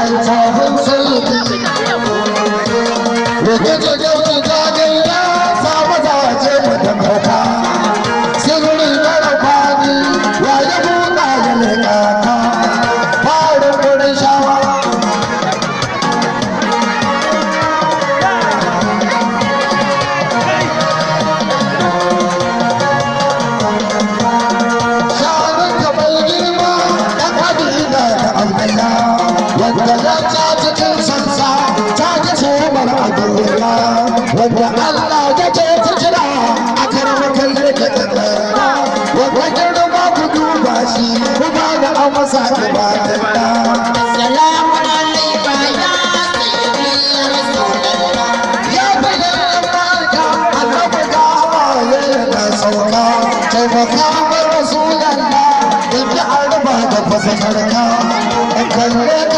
alfahun sarki da ta kalla wanda Allah yake ta jira a ka shi ku ba da amsa ta ba ta Taimaka wa Rasulallah, in da fasakarka, in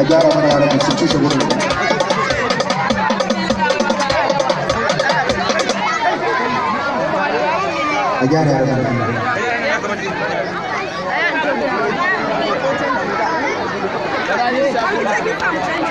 a gyara mana yaran da sun